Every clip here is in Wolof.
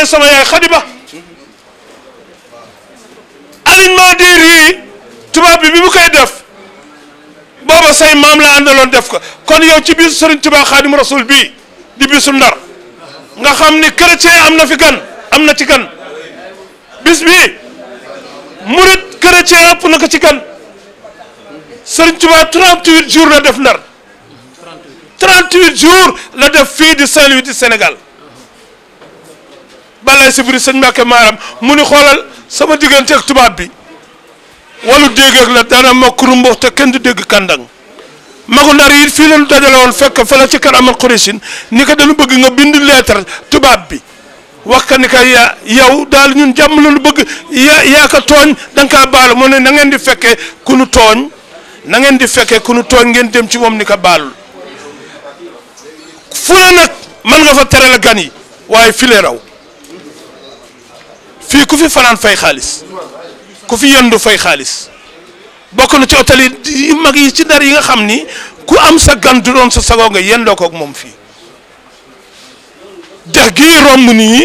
mooy sama yaay Xadi Ba alignement des rues koy def booba say maam la àndaloon def ko kon yow ci biir Serigne Touba Xaadimu Rasuul bii di bisu ndar nga xam ni chrétien am na fi gan am na ci kan bis bii murit chrétien ëpp na ko ci gan Serigne Touba 38 jours la def ndar 38 jours la def fii di Saint-Louis di Sénégal balaay si biir sëñ Mbàkke maaram mu ni xoolal sama diggante ak tubaab bi walu dégg ak la dana mokkuru mbux te kenn di dégg kàndang magu ndar yi fii lañu dajale woon fekk fa la ci kër amal Xuraysin ni ko dañu bëgg nga bind leetar tubaab bi wax ka ni ka yaa yow daal ñun jàmm lañu bëgg yaa yaa ko tooñ da nga baalu mu na ngeen di fekkee kunu nu tooñ na ngeen di fekkee ku nu tooñ ngeen dem ci moom ni ko baalul fu nag mën nga fa terale gan yi waaye file fii ku fi fanaan fay xaalis ku fi yendu fay xaalis bokk na ci hôtel yi mag yi ci dar yi nga xam ni ku am sa gan du doon sa sagoo nga yendoo ko ak moom fii dex gi romb nii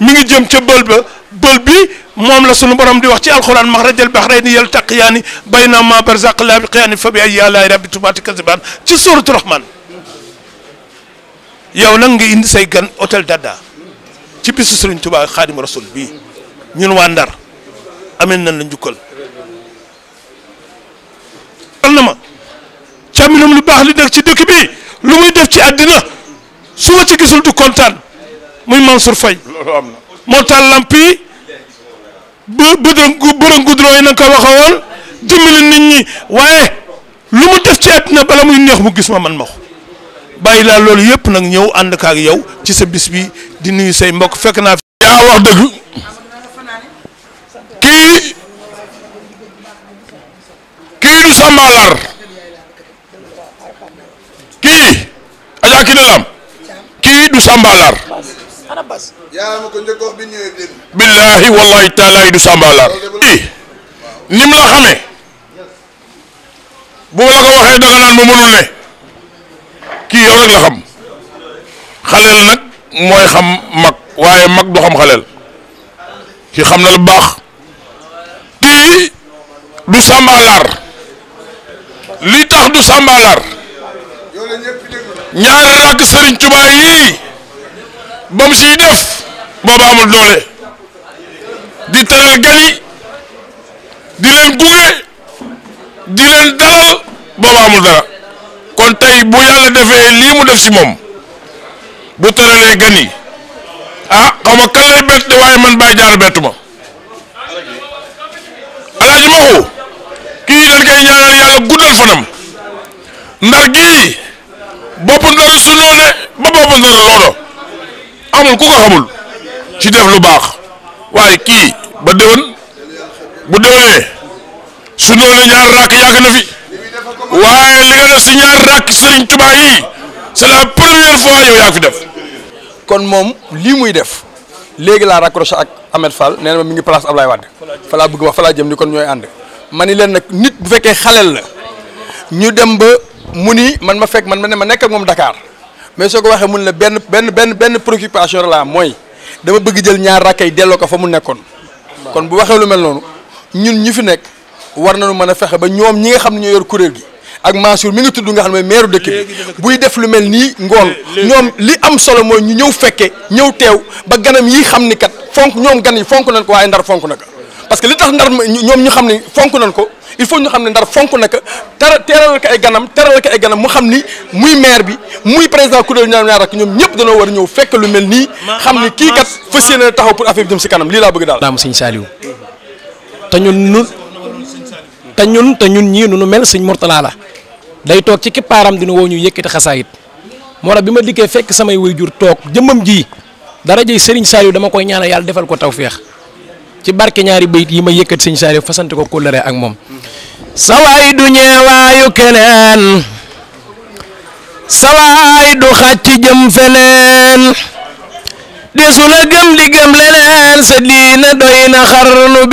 mi ngi jëm ca bël ba bël bi moom la sunu borom di wax ci alxuraan maxrajal baxrayni yaltaqiyaani baynahumaa barzaxun laa yabghiyaani fa bi ayyi aalaa'i rabbi tumaa tukazzibaan ci suuratu Rahmaan yow nag nga indi say gan hôtel Dada ci bisu Serigne Touba Xaadimu Rasuul bii. ñun waa Ndar amee nañ la njukkal al na ma càmminam lu baax li nekk ci dëkk bi lu muy def ci àddina su ma ci gisul du kontaan muy Mansour Faye moo taal lamp yi ba bërëng goudron yi na nga ko waxa woon dimbali nit ñi waaye lu mu def ci àddina bala muy neex mu gis ma man ma ko bàyyi laa loolu yëpp nag ñëw ànd kaak yow ci sa bi di say mbokk fekk naa kii kii du sàmmalaar kii Adja Kiné kii du sàmmalaar billaahi wallaahi taalaahi du sàmmalaar i nim la xamee bu la ko waxee danga naan ma mënul ne kii yow rek la xam xaleel nag mooy xam mag waaye mag du xam xaleel kii xam na lu baax du sambalaar li tax du sambalaar ñaari rakk Serigne Touba yii ba mu def booba amul doole di teral gan di leen gunge di leen dalal booba amul dara kon tey bu yàlla defee lii mu def si moom bu teralee gan yi ah xaw ma kan lay bett de waaye man bàyyi jaar bettu ma alaaji gii dañ koy ñaanal yàlla guddal fanam ndar gii bopp ndar su noone ba bopp ndar loola amul ku ko xamul ci def lu baax waaye kii ba déwén bu déwénee su noone ñaar rakk yàgg na fi waaye li nga def si ñaar rakk sëriñ Tuubaa yi c'est la première fois yow yaa fi def. kon moom lii muy def léegi laa raccroché ak Ahmed Fall nee na ma mi ngi place Ablaye Wade fa laa bëgg wax fa jëm ni kon ñooy ànd. ma ni leen nag nit bu fekkee xaleel la ñu dem ba mu ni man ma fekk man ma ne ma nekk moom dakaar mais soo ko waxee mun la benn benn benn benn préoccupation la mooy dama bëgg jël ñaar rakk yi delloo ko fa mu nekkoon. kon bu waxee lu mel noonu ñun ñu fi nekk war na nu mën a fexe ba ñoom ñi nga xam ne ñoo yor kuréel gi. ak Mansour mu ngi tudd nga xam ne meeru dëkk bi buy def lu mel nii ngoon ñoom li am solo mooy ñu ñëw fekke ñëw teew ba ganam yi xam ni kat fonk ñoom gan fonk nañ ko waaye ndar fonk na parce que li tax ndar ñoom ñu xam ne fonk nañ ko il faut ñu xam ne ndar fonk na ko tera teeral ko ay ganam teeral ko ay ganam mu xam ni muy maire bi muy président kuréel ñaar ñaar ak ñoom ñëpp dañoo war a ñëw fekk lu mel nii. xam ni kii kat fas pour affaire bi si kanam lii laa bëgg daal. naam sëñ te ñun ñun ñun te ñun ñii nu mel sëñ Mourtala la day toog ci kippaaram dina woo ñu yëkkati xasaayit moo tax bi ma diggee fekk samay jur toog jëmmam ji dara jëy Serigne Saliou dama koy ñaanal yàlla defal ko tawféex ci barke ñaari bayit yi ma yëkkat sëñ Saliou fasante ko kóllëre ak moom sawaay du ñeewaayu keneen keneen sawaay du xàcc jëm feneen desu gëm di gëm leneen sa diina doy xarnu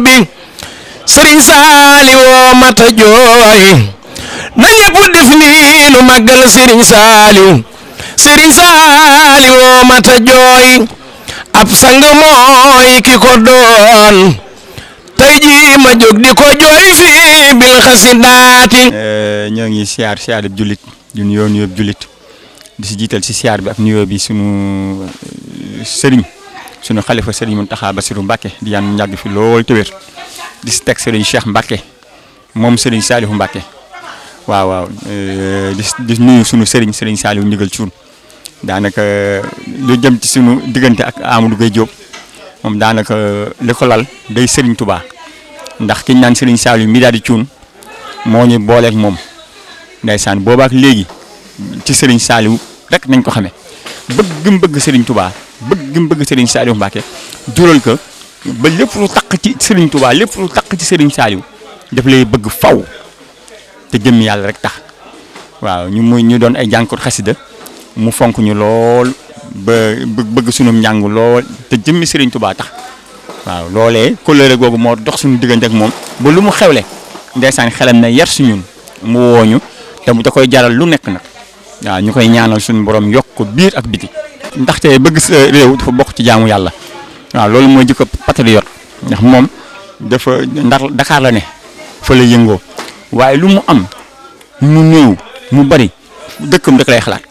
bi sëriñ saali woo mata jooy na ñëpp def nii nu sëriñ saaliw sëriñ saali woo mata jooy ab sang mooy ki ko doon tey jii ma jóg di ko jooy fii bil xasidaati eh, ñoo ngi siyaar siyaar bi jullit ñun yoon yëpp jullit di si jiital si siyaar bi ak nuyoo bi sunu eh, sëriñ sunu xalifa sëriñ Mountakha Bassirou Mbacké di yaan yàgg fi lool te di si teg Serigne Cheikh Mbacke moom Serigne Saliou Mbacke waaw waaw euh, di di nuyu sunu Serigne Serigne Saliou ndigal cuun daanaka lu jëm ci sunu diggante ak Amadou Gueye Diop moom daanaka lekolal ko lal day Serigne Touba ndax ki ñu naan seriñ Saliou mi daal di cuun moo ñu booleeg moom ndeysaan boobaak léegi ci Serigne Saliou rek nañ ko xamee bëgg mu bëgg Serigne Touba bëgg mu bëgg Serigne Saliou Mbacke jural ko. ba lépp lu taq ci Serigne Touba lépp lu taq ci Serigne Saliou daf lay bëgg faw te jëmm yàlla rek tax waaw ñu muy ñu doon ay jànkuwut xasida mu fonk ñu lool ba bëgg sunum njàng lool te jëmmi sëriñ Touba tax waaw loolee kóllëre googu moo dox suñu diggante ak moom ba lu mu xewle ndeysaan xelam na yar suñun mu wooñu te mu koy jaral lu nekk nag waaw ñu koy ñaanal suñu borom yokk ko biir ak biti ndaxte bëgg sa réew dafa bokk ci jaamu yàlla. waaw loolu mooy jëkk patriote ndax moom dafa ndar Dakar la ne fa la yëngoo waaye lu mu am mu néew mu bari dëkkam rek lay xalaat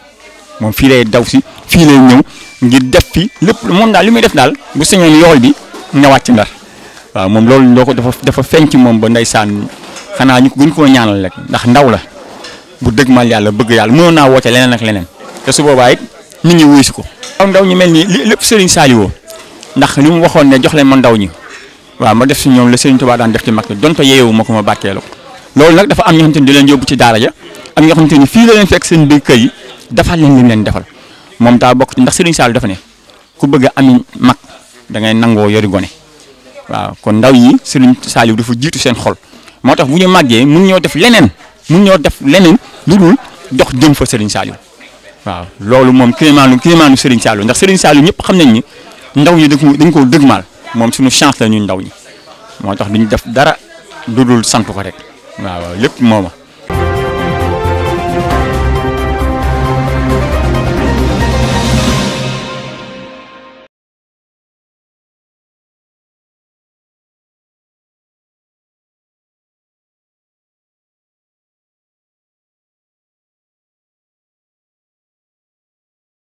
moom fii lay daw si fii lay ñëw ngir def fi lépp moom daal li muy def daal bu sañoon yool bi ñëwaat ci ndar waaw moom loolu loo ko dafa dafa ci moom ba ndeysaan xanaa ñu ko gën koo ñaanal rek ndax ndaw la bu dëgmal yàlla bëgg yàlla mënoon naa woote leneen ak leneen te su boobaa it nit ñi wuyu si ko. ndaw ñi mel ni ndax li mu waxoon ne jox leen ma ndaw ñi waaw ma def si ñoom la Serigne Touba daan def ci mag donte yeewu ma ko ma bàkkeelu ko loolu nag dafa am ñoo xamante ni di leen yóbbu ci daara ja am ñoo xamante fii la leen fekk seen biir kër yi defal leen leen defal moom daa bokk ndax Serigne Sall dafa ne ku bëgg a ami mag da ngay nangoo yori gone kon ndaw yi Serigne dafa jiitu seen xol moo tax bu ñu màggee mun ñoo def leneen mun ñoo def leneen lu dox jëm fa Serigne Saliou waaw loolu moom kéemaanu kéemaanu Serigne Saliou ndax Serigne Saliou ñëpp xam nañ ni ndaw ñi dañ ko dëgmaal moom suñu chance la ñun ndaw ñi moo tax duñ def dara lu dul sant ko rek waaw lépp mooma